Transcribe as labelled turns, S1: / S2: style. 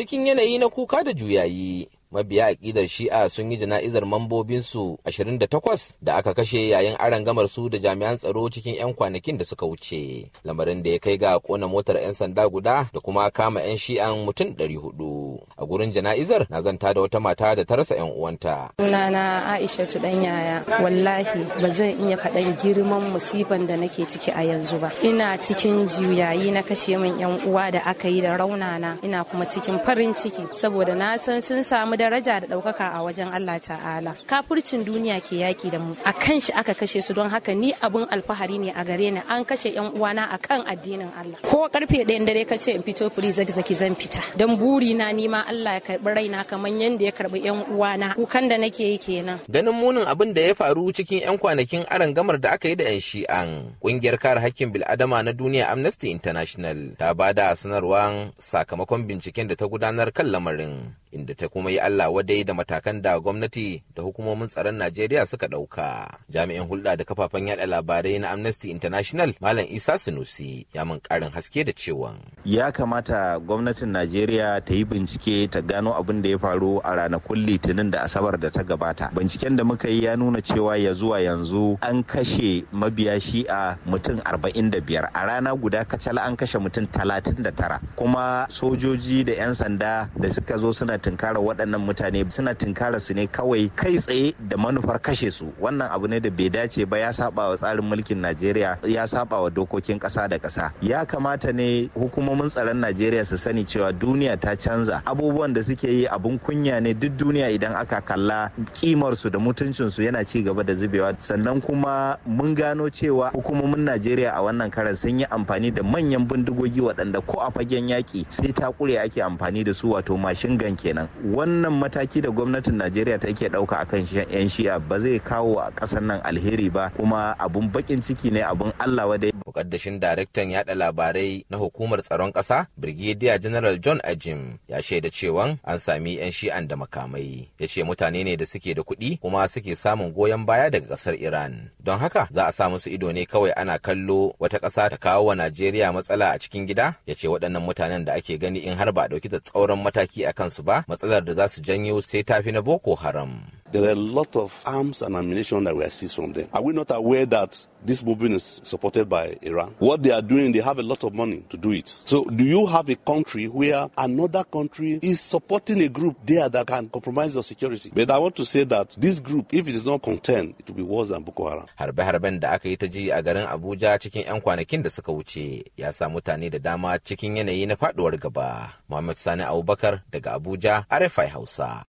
S1: cikin yanayi na kuka da juyayi mabiya aƙidar shi'a sun yi jana'izar mambobinsu 28 da aka kashe yayin aron gamar su da jami'an tsaro cikin 'yan kwanakin da suka wuce lamarin da ya kai ga kona motar 'yan sanda guda da kuma kama 'yan shi'an mutum 400 a gurin jana'izar na zanta da wata mata da ta rasa 'yan uwanta
S2: sunana aisha tudan yaya wallahi ba zan iya faɗan girman musiban da nake ciki a yanzu ba ina cikin juyayi na kashe min 'yan uwa da aka yi da raunana ina kuma cikin farin ciki saboda na san sun samu daraja da ɗaukaka a wajen Allah ta'ala Kafurcin duniya ke yaƙi da mu a kan shi aka kashe su don haka ni abun alfahari ne a gare ni an kashe yan uwana a kan addinin Allah ko karfe ɗayan dare ka ce in fito firi zaki zan fita don buri na nima Allah ya karɓi raina kamar yadda ya karɓi yan uwana kukan da nake yi kenan ganin
S1: munin abin da ya faru cikin yan kwanakin gamar da aka yi da yan shi'an kungiyar kare hakkin bil'adama na duniya Amnesty International ta bada sanarwar sakamakon binciken da ta gudanar kan lamarin inda ta kuma yi Allah wadai da matakan da gwamnati da hukumomin tsaron Najeriya suka ɗauka. Jami'in hulɗa da kafafen yaɗa labarai na Amnesty International Malam Isa Sunusi ya mun ƙarin haske da cewa.
S3: Ya kamata gwamnatin Najeriya ta yi bincike ta gano abin da ya faru a ranakun Litinin da Asabar da ta gabata. Binciken da muka yi ya nuna cewa ya zuwa yanzu an kashe mabiya shi'a mutum arba'in da biyar, a rana guda kacal an kashe mutum tara, kuma sojoji da 'yan sanda da suka zo suna tunkara waɗannan waɗannan mutane suna tunkara su ne kawai kai tsaye da manufar kashe su wannan abu ne da bai dace ba ya saba wa tsarin mulkin najeriya ya saba wa dokokin kasa da kasa. ya kamata ne hukumomin tsaron najeriya su sani cewa duniya ta canza abubuwan da suke yi abun kunya ne duk duniya idan aka kalla kimar su da mutuncin su yana ci gaba da zubewa sannan kuma mun gano cewa hukumomin najeriya a wannan karan sun yi amfani da manyan bindigogi waɗanda ko a fagen yaki sai ta ƙure ake amfani da su wato mashin gan kenan wannan wannan mataki da gwamnatin najeriya ta yake ɗauka akan yan shi'a ba zai kawo a kasan nan alheri ba kuma abun bakin ciki ne abun allah wadai mukaddashin daraktan yada labarai na hukumar tsaron ƙasa
S1: brigadier general john ajim ya shaida cewa an sami yan shi'an da makamai yace mutane ne da suke da kuɗi kuma suke samun goyon baya daga ƙasar iran don haka za a sa musu ido ne kawai ana kallo wata ƙasa ta kawo wa najeriya matsala a cikin gida yace waɗannan mutanen da ake gani in har ba a ɗauki da tsauran mataki a kansu ba matsalar da za su janyo sai tafi na boko haram
S3: There are a lot of arms and ammunition that we seized from them. Are we not aware that this movement is supported by Iran? What they are doing, they have a lot of money to do it. So, do you have a country where another country is supporting a group there that can compromise your security? But I want to say that this group, if it
S1: is not contained, it will be worse than Boko Haram. Harbe-harben da aka yi ta ji a garin Abuja kwanakin da suka wuce ya sa mutane da dama cikin yanayi na faduwar gaba. Muhammad Sani Abubakar daga Abuja, RFI Hausa.